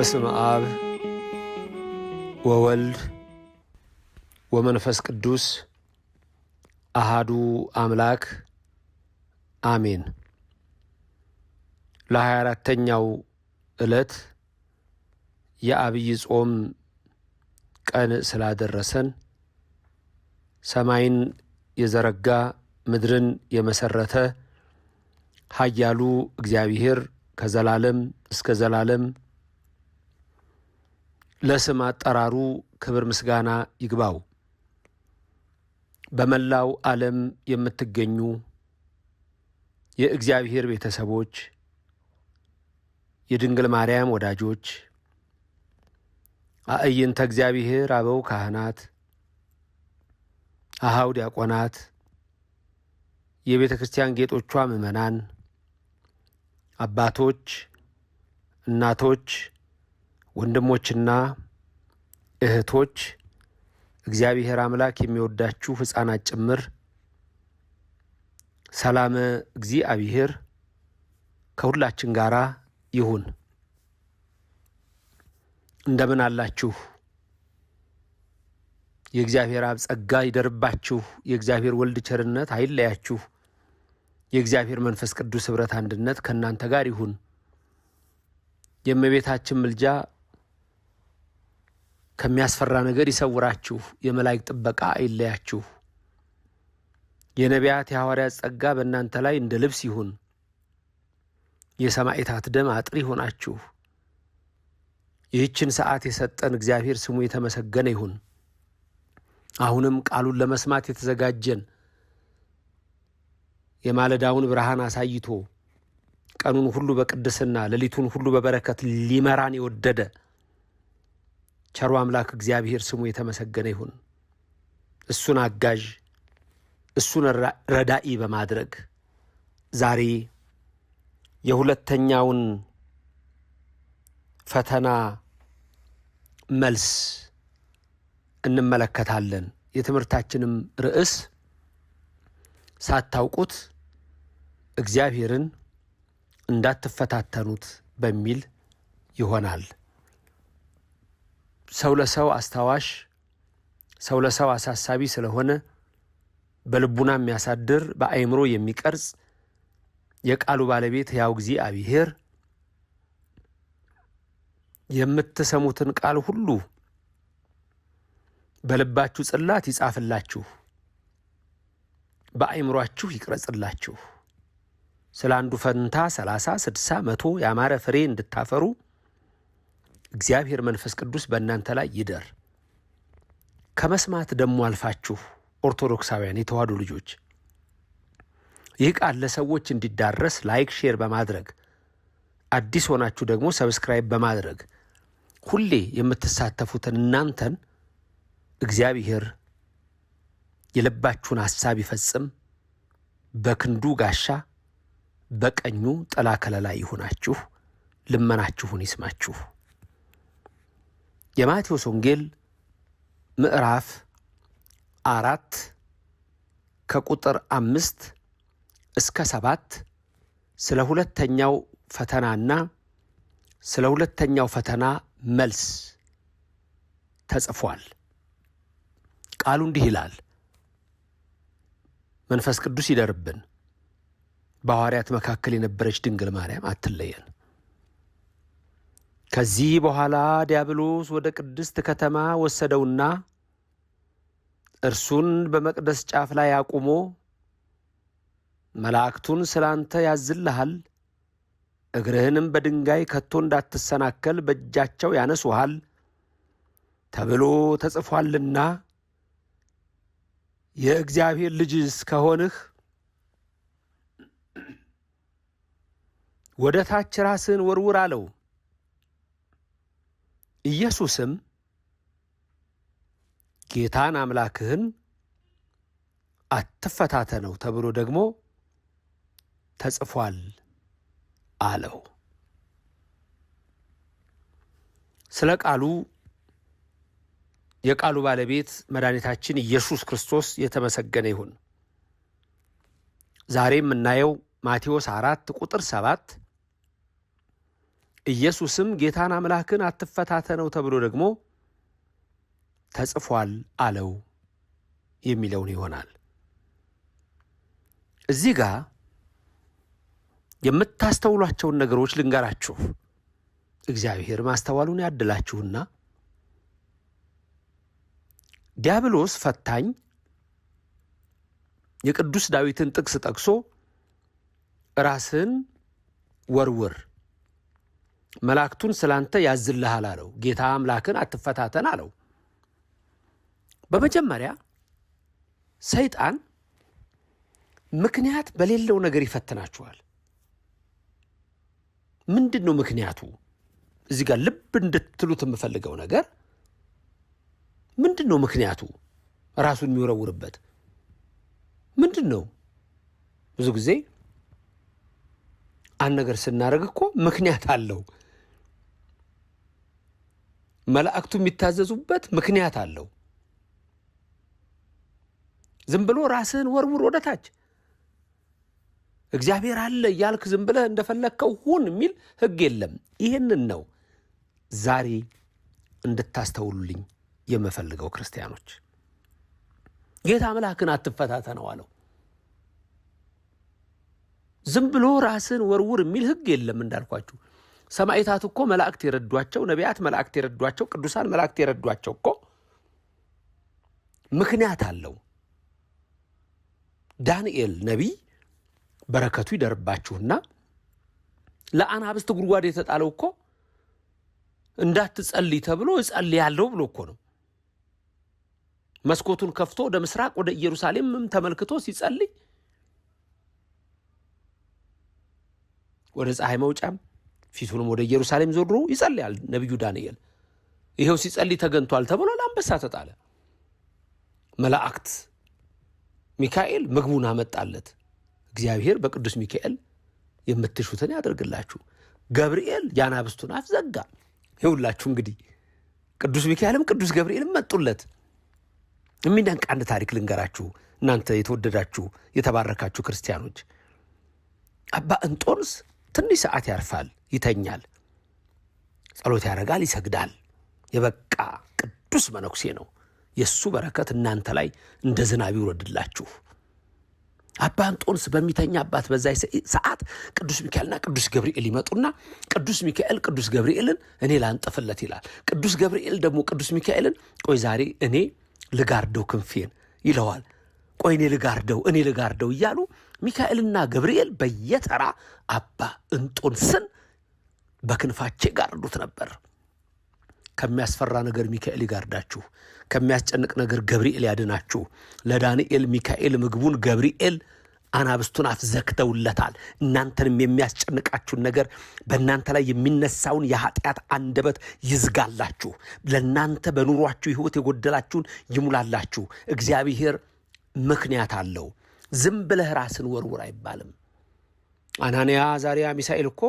በስም አብ ወወልድ ወመንፈስ ቅዱስ አሃዱ አምላክ አሜን። ለሀያ አራተኛው ዕለት የአብይ ጾም ቀን ስላደረሰን ሰማይን የዘረጋ ምድርን የመሰረተ ኃያሉ እግዚአብሔር ከዘላለም እስከ ዘላለም ለስም አጠራሩ ክብር ምስጋና ይግባው። በመላው ዓለም የምትገኙ የእግዚአብሔር ቤተሰቦች፣ የድንግል ማርያም ወዳጆች፣ አእይንተ እግዚአብሔር አበው ካህናት፣ አሃው ዲያቆናት፣ የቤተ ክርስቲያን ጌጦቿ ምዕመናን፣ አባቶች፣ እናቶች ወንድሞችና እህቶች እግዚአብሔር አምላክ የሚወዳችሁ ሕፃናት ጭምር ሰላም እግዚአብሔር ከሁላችን ጋራ ይሁን። እንደምን አላችሁ? የእግዚአብሔር አብ ጸጋ ይደርባችሁ። የእግዚአብሔር ወልድ ቸርነት አይለያችሁ። የእግዚአብሔር መንፈስ ቅዱስ ኅብረት አንድነት ከእናንተ ጋር ይሁን። የእመቤታችን ምልጃ ከሚያስፈራ ነገር ይሰውራችሁ፣ የመላእክት ጥበቃ አይለያችሁ። የነቢያት የሐዋርያት ጸጋ በእናንተ ላይ እንደ ልብስ ይሁን፣ የሰማዕታት ደም አጥር ይሆናችሁ። ይህችን ሰዓት የሰጠን እግዚአብሔር ስሙ የተመሰገነ ይሁን። አሁንም ቃሉን ለመስማት የተዘጋጀን የማለዳውን ብርሃን አሳይቶ ቀኑን ሁሉ በቅድስና ሌሊቱን ሁሉ በበረከት ሊመራን የወደደ ቸሩ አምላክ እግዚአብሔር ስሙ የተመሰገነ ይሁን። እሱን አጋዥ እሱን ረዳኢ በማድረግ ዛሬ የሁለተኛውን ፈተና መልስ እንመለከታለን። የትምህርታችንም ርዕስ ሳታውቁት እግዚአብሔርን እንዳትፈታተኑት በሚል ይሆናል። ሰው ለሰው አስታዋሽ፣ ሰው ለሰው አሳሳቢ ስለሆነ በልቡና የሚያሳድር በአእምሮ የሚቀርጽ የቃሉ ባለቤት ሕያው እግዚአብሔር የምትሰሙትን ቃል ሁሉ በልባችሁ ጽላት ይጻፍላችሁ፣ በአእምሯችሁ ይቅረጽላችሁ። ስለ አንዱ ፈንታ ሰላሳ ስድሳ መቶ ያማረ ፍሬ እንድታፈሩ እግዚአብሔር መንፈስ ቅዱስ በእናንተ ላይ ይደር። ከመስማት ደግሞ አልፋችሁ ኦርቶዶክሳውያን የተዋሕዶ ልጆች ይህ ቃል ለሰዎች እንዲዳረስ ላይክ፣ ሼር በማድረግ አዲስ ሆናችሁ ደግሞ ሰብስክራይብ በማድረግ ሁሌ የምትሳተፉትን እናንተን እግዚአብሔር የልባችሁን ሐሳብ ይፈጽም፣ በክንዱ ጋሻ በቀኙ ጥላ ከለላ ይሁናችሁ፣ ልመናችሁን ይስማችሁ። የማቴዎስ ወንጌል ምዕራፍ አራት ከቁጥር አምስት እስከ ሰባት ስለ ሁለተኛው ፈተናና ስለ ሁለተኛው ፈተና መልስ ተጽፏል። ቃሉ እንዲህ ይላል። መንፈስ ቅዱስ ይደርብን፣ በሐዋርያት መካከል የነበረች ድንግል ማርያም አትለየን። ከዚህ በኋላ ዲያብሎስ ወደ ቅድስት ከተማ ወሰደውና እርሱን በመቅደስ ጫፍ ላይ አቁሞ መላእክቱን ስላንተ ያዝልሃል፣ እግርህንም በድንጋይ ከቶ እንዳትሰናከል በእጃቸው ያነሱሃል ተብሎ ተጽፏልና የእግዚአብሔር ልጅስ ከሆንህ ወደ ታች ራስህን ወርውር አለው። ኢየሱስም ጌታን አምላክህን አትፈታተነው ተብሎ ደግሞ ተጽፏል አለው። ስለ ቃሉ የቃሉ ባለቤት መድኃኒታችን ኢየሱስ ክርስቶስ የተመሰገነ ይሁን። ዛሬ የምናየው ማቴዎስ አራት ቁጥር ሰባት ኢየሱስም ጌታን አምላክን አትፈታተነው ተብሎ ደግሞ ተጽፏል አለው የሚለውን ይሆናል። እዚህ ጋር የምታስተውሏቸውን ነገሮች ልንገራችሁ። እግዚአብሔር ማስተዋሉን ያድላችሁና ዲያብሎስ ፈታኝ የቅዱስ ዳዊትን ጥቅስ ጠቅሶ ራስን ወርውር መላእክቱን ስላንተ ያዝልሃል አለው። ጌታ አምላክን አትፈታተን አለው። በመጀመሪያ ሰይጣን ምክንያት በሌለው ነገር ይፈትናችኋል። ምንድን ነው ምክንያቱ? እዚህ ጋር ልብ እንድትሉት የምፈልገው ነገር ምንድን ነው ምክንያቱ? ራሱን የሚወረውርበት ምንድን ነው? ብዙ ጊዜ አንድ ነገር ስናደርግ እኮ ምክንያት አለው። መላእክቱ የሚታዘዙበት ምክንያት አለው። ዝም ብሎ ራስህን ወርውር ወደ ታች። እግዚአብሔር አለ እያልክ ዝም ብለህ እንደፈለግከው ሁን የሚል ሕግ የለም። ይህንን ነው ዛሬ እንድታስተውሉልኝ የምፈልገው ክርስቲያኖች። ጌታ አምላክን አትፈታተነው አለው። ዝም ብሎ ራስን ወርውር የሚል ህግ የለም። እንዳልኳችሁ ሰማይታት እኮ መላእክት የረዷቸው፣ ነቢያት መላእክት የረዷቸው፣ ቅዱሳን መላእክት የረዷቸው እኮ ምክንያት አለው። ዳንኤል ነቢይ በረከቱ ይደርባችሁና ለአናብስት ጉድጓድ የተጣለው እኮ እንዳትጸልይ ተብሎ እጸልያለሁ ብሎ እኮ ነው። መስኮቱን ከፍቶ ወደ ምስራቅ ወደ ኢየሩሳሌምም ተመልክቶ ሲጸልይ ወደ ፀሐይ መውጫም ፊቱንም ወደ ኢየሩሳሌም ዞሮ ይጸልያል ነቢዩ ዳንኤል። ይኸው ሲጸልይ ተገንቷል ተብሎ ለአንበሳ ተጣለ። መላእክት ሚካኤል ምግቡን አመጣለት። እግዚአብሔር በቅዱስ ሚካኤል የምትሹትን ያደርግላችሁ። ገብርኤል የአናብስቱን አፍ ዘጋ። ይኸውላችሁ እንግዲህ ቅዱስ ሚካኤልም ቅዱስ ገብርኤልም መጡለት። የሚደንቅ አንድ ታሪክ ልንገራችሁ። እናንተ የተወደዳችሁ የተባረካችሁ ክርስቲያኖች አባ እንጦንስ ትንሽ ሰዓት ያርፋል፣ ይተኛል፣ ጸሎት ያደርጋል፣ ይሰግዳል። የበቃ ቅዱስ መነኩሴ ነው። የእሱ በረከት እናንተ ላይ እንደ ዝናብ ይውረድላችሁ። አባ እንጦንስ በሚተኛባት በዛ ሰዓት ቅዱስ ሚካኤልና ቅዱስ ገብርኤል ይመጡና ቅዱስ ሚካኤል ቅዱስ ገብርኤልን እኔ ላንጥፍለት ይላል። ቅዱስ ገብርኤል ደግሞ ቅዱስ ሚካኤልን ቆይ ዛሬ እኔ ልጋርደው ክንፌን ይለዋል። ቆይ እኔ ልጋርደው እኔ ልጋርደው እያሉ ሚካኤልና ገብርኤል በየተራ አባ እንጦንስን በክንፋቼ ጋርዱት ነበር። ከሚያስፈራ ነገር ሚካኤል ይጋርዳችሁ፣ ከሚያስጨንቅ ነገር ገብርኤል ያድናችሁ። ለዳንኤል ሚካኤል ምግቡን ገብርኤል አናብስቱን አፍ ዘግተውለታል። እናንተንም የሚያስጨንቃችሁን ነገር በእናንተ ላይ የሚነሳውን የኃጢአት አንደበት ይዝጋላችሁ። ለእናንተ በኑሯችሁ ሕይወት የጎደላችሁን ይሙላላችሁ። እግዚአብሔር ምክንያት አለው። ዝም ብለህ ራስን ወርውር አይባልም። አናንያ ዛሪያ ሚሳኤል እኮ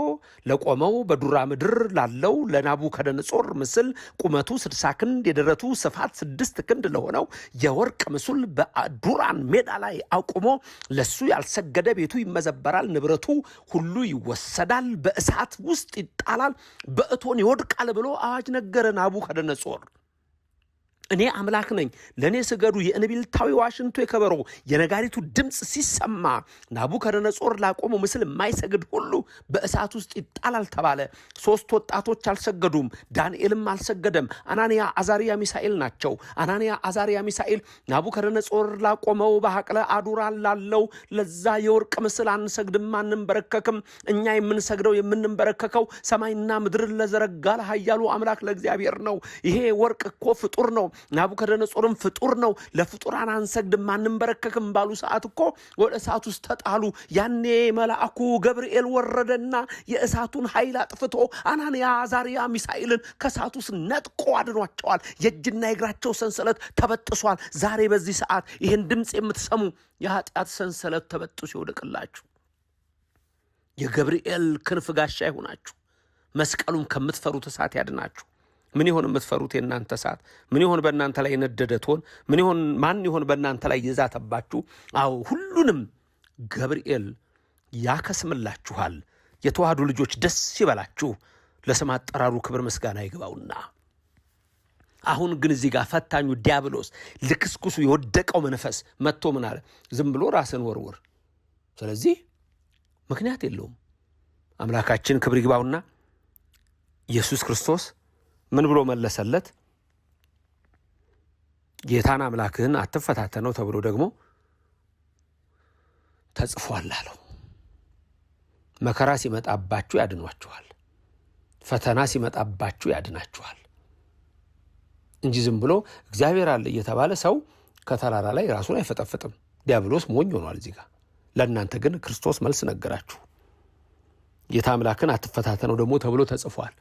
ለቆመው በዱራ ምድር ላለው ለናቡከደነጾር ምስል ቁመቱ ስድሳ ክንድ የደረቱ ስፋት ስድስት ክንድ ለሆነው የወርቅ ምስል በዱራን ሜዳ ላይ አቁሞ ለሱ ያልሰገደ ቤቱ ይመዘበራል፣ ንብረቱ ሁሉ ይወሰዳል፣ በእሳት ውስጥ ይጣላል፣ በእቶን ይወድቃል ብሎ አዋጅ ነገረ ናቡከደነጾር። እኔ አምላክ ነኝ፣ ለእኔ ስገዱ። የእንቢልታዊ ዋሽንቱ የከበሮ የነጋሪቱ ድምፅ ሲሰማ ናቡከደነጾር ላቆመው ምስል የማይሰግድ ሁሉ በእሳት ውስጥ ይጣላል ተባለ። ሶስት ወጣቶች አልሰገዱም፣ ዳንኤልም አልሰገደም። አናንያ፣ አዛሪያ፣ ሚሳኤል ናቸው። አናንያ፣ አዛሪያ፣ ሚሳኤል ናቡከደነጾር ላቆመው በሀቅለ አዱራ ላለው ለዛ የወርቅ ምስል አንሰግድም፣ አንንበረከክም። እኛ የምንሰግደው የምንንበረከከው ሰማይና ምድርን ለዘረጋ ለኃያሉ አምላክ ለእግዚአብሔር ነው። ይሄ ወርቅ እኮ ፍጡር ነው። ናቡከደነጾርም ፍጡር ነው፣ ለፍጡራን አንሰግድም፣ አንንበረከክም ባሉ ሰዓት እኮ ወደ እሳት ውስጥ ተጣሉ። ያኔ መልአኩ ገብርኤል ወረደና የእሳቱን ኃይል አጥፍቶ አናንያ፣ አዛርያ፣ ሚሳኤልን ከእሳት ውስጥ ነጥቆ አድኗቸዋል። የእጅና የእግራቸው ሰንሰለት ተበጥሷል። ዛሬ በዚህ ሰዓት ይህን ድምፅ የምትሰሙ የኃጢአት ሰንሰለት ተበጥሶ ይወደቅላችሁ። የገብርኤል ክንፍ ጋሻ ይሆናችሁ። መስቀሉም ከምትፈሩት እሳት ያድናችሁ። ምን ይሆን የምትፈሩት የእናንተ ሰዓት? ምን ይሆን በእናንተ ላይ የነደደ ትሆን? ምን ይሆን ማን ይሆን በእናንተ ላይ የዛተባችሁ? አዎ ሁሉንም ገብርኤል ያከስምላችኋል። የተዋህዱ ልጆች ደስ ይበላችሁ። ለስም አጠራሩ ክብር ምስጋና ይግባውና አሁን ግን እዚህ ጋር ፈታኙ ዲያብሎስ ልክስኩሱ የወደቀው መንፈስ መጥቶ ምን አለ? ዝም ብሎ ራስን ወርውር። ስለዚህ ምክንያት የለውም። አምላካችን ክብር ይግባውና ኢየሱስ ክርስቶስ ምን ብሎ መለሰለት? ጌታን አምላክህን አትፈታተነው ተብሎ ደግሞ ተጽፏል አለው። መከራ ሲመጣባችሁ ያድኗችኋል፣ ፈተና ሲመጣባችሁ ያድናችኋል እንጂ ዝም ብሎ እግዚአብሔር አለ እየተባለ ሰው ከተራራ ላይ ራሱን አይፈጠፍጥም። ዲያብሎስ ሞኝ ሆኗል። እዚህ ጋር ለእናንተ ግን ክርስቶስ መልስ ነገራችሁ። ጌታ አምላክን አትፈታተነው ደግሞ ተብሎ ተጽፏል።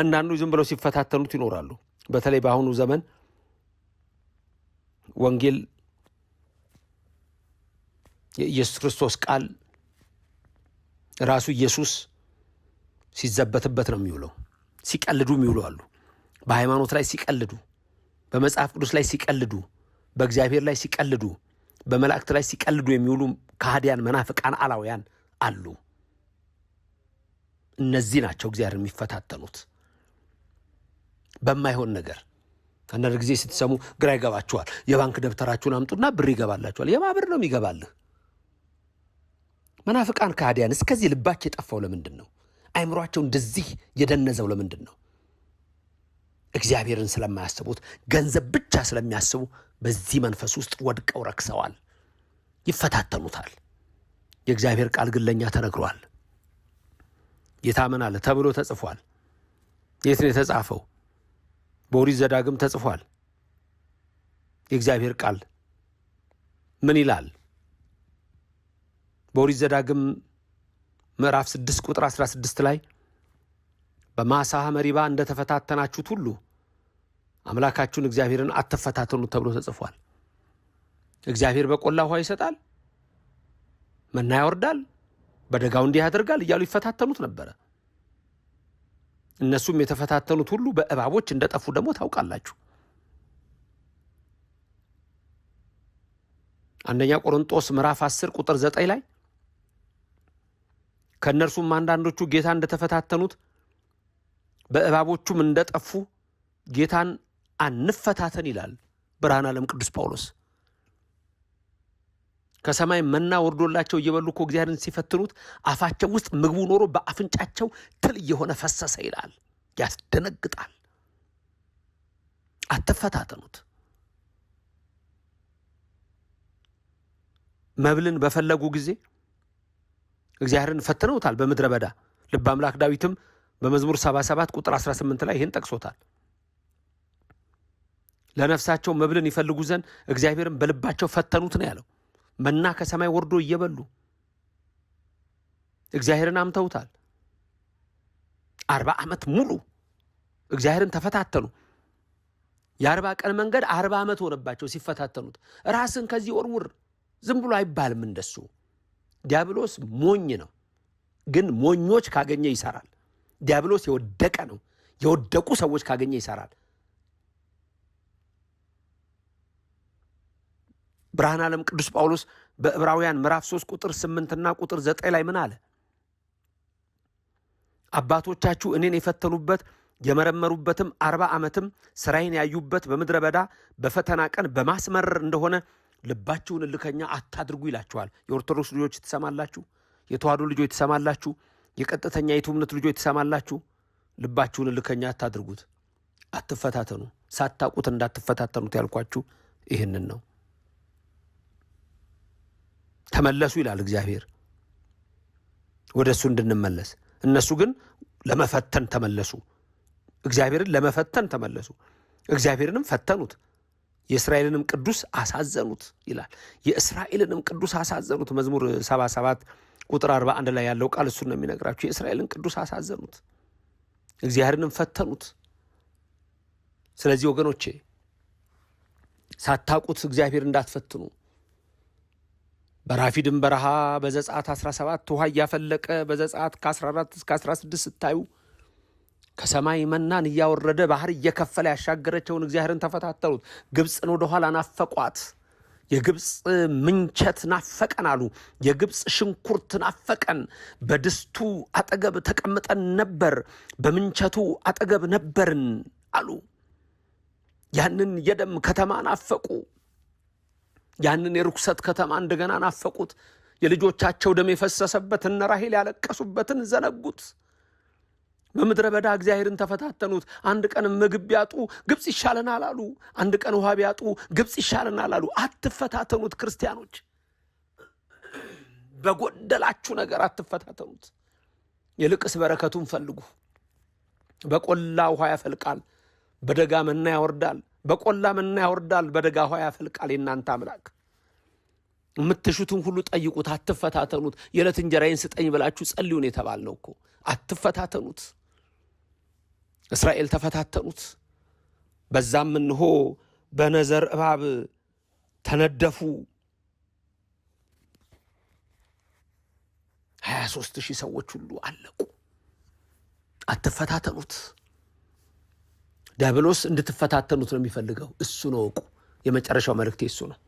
አንዳንዱ ዝም ብለው ሲፈታተኑት ይኖራሉ። በተለይ በአሁኑ ዘመን ወንጌል የኢየሱስ ክርስቶስ ቃል ራሱ ኢየሱስ ሲዘበትበት ነው የሚውለው። ሲቀልዱ የሚውሉ አሉ። በሃይማኖት ላይ ሲቀልዱ፣ በመጽሐፍ ቅዱስ ላይ ሲቀልዱ፣ በእግዚአብሔር ላይ ሲቀልዱ፣ በመላእክት ላይ ሲቀልዱ የሚውሉ ከሃዲያን፣ መናፍቃን፣ አላውያን አሉ። እነዚህ ናቸው እግዚአብሔር የሚፈታተኑት። በማይሆን ነገር አንዳንድ ጊዜ ስትሰሙ ግራ ይገባችኋል። የባንክ ደብተራችሁን አምጡና ብር ይገባላችኋል። የማብር ነው የሚገባልህ። መናፍቃን ከሃዲያን እስከዚህ ልባቸው የጠፋው ለምንድን ነው? አይምሯቸው እንደዚህ የደነዘው ለምንድን ነው? እግዚአብሔርን ስለማያስቡት ገንዘብ ብቻ ስለሚያስቡ በዚህ መንፈስ ውስጥ ወድቀው ረክሰዋል፣ ይፈታተኑታል። የእግዚአብሔር ቃል ግን ለእኛ ተነግሯል። ጌታ ምን አለ ተብሎ ተጽፏል። የት ነው የተጻፈው? በኦሪት ዘዳግም ተጽፏል። የእግዚአብሔር ቃል ምን ይላል? በኦሪት ዘዳግም ምዕራፍ 6 ቁጥር 16 ላይ በማሳ መሪባ እንደተፈታተናችሁት ሁሉ አምላካችሁን እግዚአብሔርን አትፈታተኑ ተብሎ ተጽፏል። እግዚአብሔር በቆላ ውሃ ይሰጣል፣ መና ያወርዳል፣ በደጋው እንዲህ ያደርጋል እያሉ ይፈታተኑት ነበረ። እነሱም የተፈታተኑት ሁሉ በእባቦች እንደጠፉ ደግሞ ታውቃላችሁ። አንደኛ ቆሮንጦስ ምዕራፍ 10 ቁጥር 9 ላይ ከእነርሱም አንዳንዶቹ ጌታ እንደተፈታተኑት በእባቦቹም እንደጠፉ ጌታን አንፈታተን ይላል ብርሃን ዓለም ቅዱስ ጳውሎስ። ከሰማይ መና ወርዶላቸው እየበሉ እኮ እግዚአብሔርን ሲፈትኑት አፋቸው ውስጥ ምግቡ ኖሮ በአፍንጫቸው ትል እየሆነ ፈሰሰ ይላል። ያስደነግጣል። አትፈታተኑት። መብልን በፈለጉ ጊዜ እግዚአብሔርን ፈትነውታል በምድረ በዳ። ልበ አምላክ ዳዊትም በመዝሙር 77 ቁጥር 18 ላይ ይህን ጠቅሶታል። ለነፍሳቸው መብልን ይፈልጉ ዘንድ እግዚአብሔርን በልባቸው ፈተኑት ነው ያለው። መና ከሰማይ ወርዶ እየበሉ እግዚአብሔርን አምተውታል። አርባ ዓመት ሙሉ እግዚአብሔርን ተፈታተኑ። የአርባ ቀን መንገድ አርባ ዓመት ሆነባቸው ሲፈታተኑት። ራስን ከዚህ ወርውር ዝም ብሎ አይባልም። እንደሱ ዲያብሎስ ሞኝ ነው፣ ግን ሞኞች ካገኘ ይሰራል። ዲያብሎስ የወደቀ ነው፣ የወደቁ ሰዎች ካገኘ ይሰራል። ብርሃን ዓለም ቅዱስ ጳውሎስ በዕብራውያን ምዕራፍ 3 ቁጥር 8ና ቁጥር 9 ላይ ምን አለ? አባቶቻችሁ እኔን የፈተኑበት የመረመሩበትም አርባ ዓመትም ስራዬን ያዩበት በምድረ በዳ በፈተና ቀን በማስመረር እንደሆነ ልባችሁን እልከኛ አታድርጉ ይላችኋል። የኦርቶዶክስ ልጆች ትሰማላችሁ፣ የተዋሕዶ ልጆች ትሰማላችሁ፣ የቀጥተኛ የቱ እምነት ልጆች ትሰማላችሁ። ልባችሁን እልከኛ አታድርጉት፣ አትፈታተኑ፣ ሳታውቁት እንዳትፈታተኑት ያልኳችሁ ይህንን ነው። ተመለሱ ይላል እግዚአብሔር። ወደ እሱ እንድንመለስ እነሱ ግን ለመፈተን ተመለሱ። እግዚአብሔርን ለመፈተን ተመለሱ። እግዚአብሔርንም ፈተኑት፣ የእስራኤልንም ቅዱስ አሳዘኑት ይላል። የእስራኤልንም ቅዱስ አሳዘኑት። መዝሙር 77 ቁጥር 41 ላይ ያለው ቃል እሱን ነው የሚነግራቸው። የእስራኤልን ቅዱስ አሳዘኑት፣ እግዚአብሔርንም ፈተኑት። ስለዚህ ወገኖቼ ሳታውቁት እግዚአብሔር እንዳትፈትኑ በራፊድም በረሃ በዘጻት 17 ውሃ እያፈለቀ በዘጻት ከ14 እስከ 16 ስታዩ ከሰማይ መናን እያወረደ ባህር እየከፈለ ያሻገረቸውን እግዚአብሔርን ተፈታተሉት። ግብፅን ወደኋላ ናፈቋት። የግብፅ ምንቸት ናፈቀን አሉ። የግብፅ ሽንኩርት ናፈቀን። በድስቱ አጠገብ ተቀምጠን ነበር፣ በምንቸቱ አጠገብ ነበርን አሉ። ያንን የደም ከተማ ናፈቁ። ያንን የርኩሰት ከተማ እንደገና ናፈቁት። የልጆቻቸው ደም የፈሰሰበትን እነ ያለቀሱበትን ዘነጉት። በምድረ በዳ እግዚአብሔርን ተፈታተኑት። አንድ ቀን ምግብ ቢያጡ ግብፅ ይሻለናል አሉ። አንድ ቀን ውሃ ቢያጡ ግብፅ ይሻለናል አሉ። አትፈታተኑት ክርስቲያኖች፣ በጎደላችሁ ነገር አትፈታተኑት። ይልቅስ በረከቱን ፈልጉ። በቆላ ውሃ ያፈልቃል፣ በደጋ መና ያወርዳል። በቆላምና ያወርዳል፣ በደጋ ውኃ ያፈልቃል። የእናንተ አምላክ የምትሹትን ሁሉ ጠይቁት፣ አትፈታተኑት። የዕለት እንጀራዬን ስጠኝ ብላችሁ ጸልዩን የተባልነው እኮ አትፈታተኑት። እስራኤል ተፈታተኑት። በዛም እንሆ በነዘር እባብ ተነደፉ። ሀያ ሦስት ሺህ ሰዎች ሁሉ አለቁ። አትፈታተኑት። ዲያብሎስ እንድትፈታተኑት ነው የሚፈልገው። እሱን እወቁ። የመጨረሻው መልእክት እሱ ነው።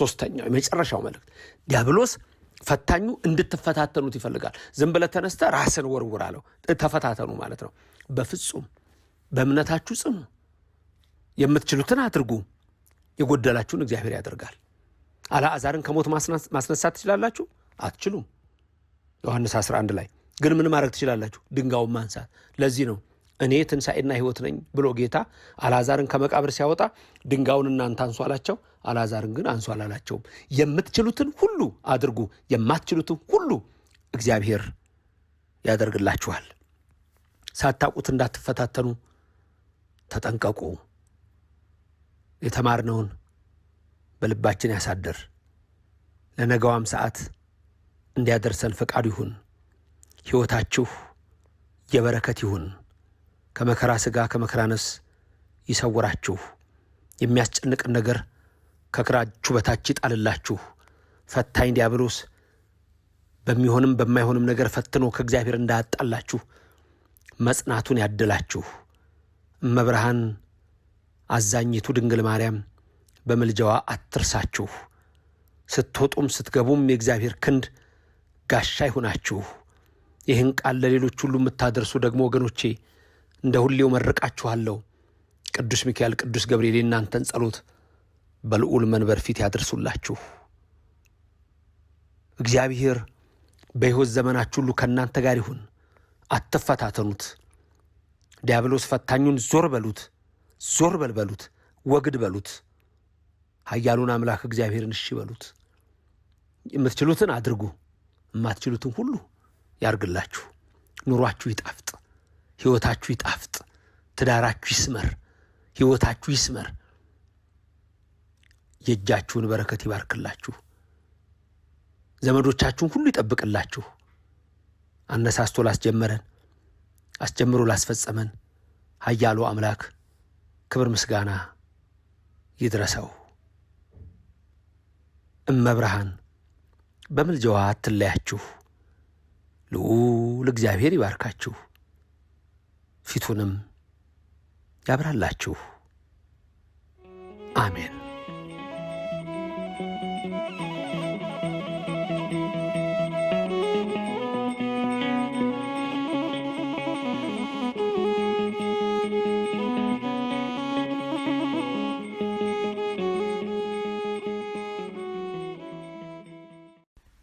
ሶስተኛው የመጨረሻው መልእክት ዲያብሎስ ፈታኙ እንድትፈታተኑት ይፈልጋል። ዝም ብለህ ተነስተ ራስን ወርውር አለው። ተፈታተኑ ማለት ነው። በፍጹም በእምነታችሁ ጽኑ፣ የምትችሉትን አድርጉ፣ የጎደላችሁን እግዚአብሔር ያደርጋል። አልዓዛርን ከሞት ማስነሳት ትችላላችሁ? አትችሉም። ዮሐንስ 11 ላይ ግን ምን ማድረግ ትችላላችሁ? ድንጋውን ማንሳት። ለዚህ ነው እኔ ትንሣኤና ሕይወት ነኝ ብሎ ጌታ አልዓዛርን ከመቃብር ሲያወጣ ድንጋዩን እናንተ አንሱ አላቸው። አልዓዛርን ግን አንሱ አላላቸውም። የምትችሉትን ሁሉ አድርጉ፣ የማትችሉትን ሁሉ እግዚአብሔር ያደርግላችኋል። ሳታውቁት እንዳትፈታተኑ ተጠንቀቁ። የተማርነውን በልባችን ያሳድር። ለነገዋም ሰዓት እንዲያደርሰን ፈቃዱ ይሁን። ሕይወታችሁ የበረከት ይሁን። ከመከራ ሥጋ ከመከራ ነፍስ ይሰውራችሁ፣ የሚያስጨንቅን ነገር ከክራችሁ በታች ይጣልላችሁ። ፈታኝ ዲያብሎስ በሚሆንም በማይሆንም ነገር ፈትኖ ከእግዚአብሔር እንዳያጣላችሁ መጽናቱን ያድላችሁ። እመብርሃን አዛኝቱ ድንግል ማርያም በምልጃዋ አትርሳችሁ። ስትወጡም ስትገቡም የእግዚአብሔር ክንድ ጋሻ ይሁናችሁ። ይህን ቃል ለሌሎች ሁሉ የምታደርሱ ደግሞ ወገኖቼ እንደ ሁሌው መርቃችኋለሁ። ቅዱስ ሚካኤል፣ ቅዱስ ገብርኤል የእናንተን ጸሎት በልዑል መንበር ፊት ያደርሱላችሁ። እግዚአብሔር በሕይወት ዘመናችሁ ሁሉ ከእናንተ ጋር ይሁን። አትፈታተኑት። ዲያብሎስ ፈታኙን ዞር በሉት፣ ዞር በልበሉት፣ ወግድ በሉት። ኃያሉን አምላክ እግዚአብሔርን እሺ በሉት። የምትችሉትን አድርጉ፣ የማትችሉትን ሁሉ ያርግላችሁ። ኑሯችሁ ይጣፍጥ። ህይወታችሁ ይጣፍጥ፣ ትዳራችሁ ይስመር፣ ህይወታችሁ ይስመር። የእጃችሁን በረከት ይባርክላችሁ፣ ዘመዶቻችሁን ሁሉ ይጠብቅላችሁ። አነሳስቶ ላስጀመረን አስጀምሮ ላስፈጸመን ኃያሉ አምላክ ክብር ምስጋና ይድረሰው። እመብርሃን በምልጃዋ አትለያችሁ። ልዑል እግዚአብሔር ይባርካችሁ። ፊቱንም ያብራላችሁ። አሜን።